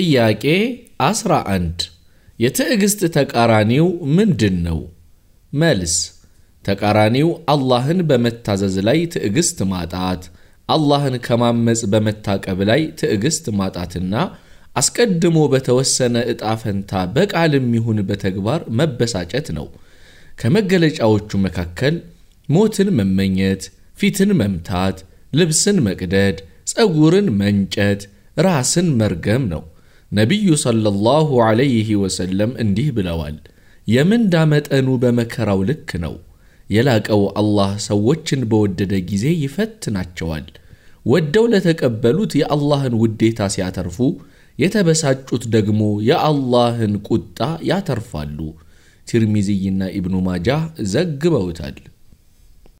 ጥያቄ 11 የትዕግሥት ተቃራኒው ምንድን ነው? መልስ ተቃራኒው አላህን በመታዘዝ ላይ ትዕግሥት ማጣት፣ አላህን ከማመፅ በመታቀብ ላይ ትዕግሥት ማጣትና አስቀድሞ በተወሰነ ዕጣ ፈንታ በቃልም ይሁን በተግባር መበሳጨት ነው። ከመገለጫዎቹ መካከል ሞትን መመኘት፣ ፊትን መምታት፣ ልብስን መቅደድ፣ ፀጉርን መንጨት፣ ራስን መርገም ነው። ነቢዩ ሰለላሁ ዐለይህ ወሰለም እንዲህ ብለዋል፣ የምንዳ መጠኑ በመከራው ልክ ነው። የላቀው አላህ ሰዎችን በወደደ ጊዜ ይፈትናቸዋል። ወደው ለተቀበሉት የአላህን ውዴታ ሲያተርፉ፣ የተበሳጩት ደግሞ የአላህን ቁጣ ያተርፋሉ። ቲርሚዚይና ኢብኑ ማጃህ ዘግበውታል።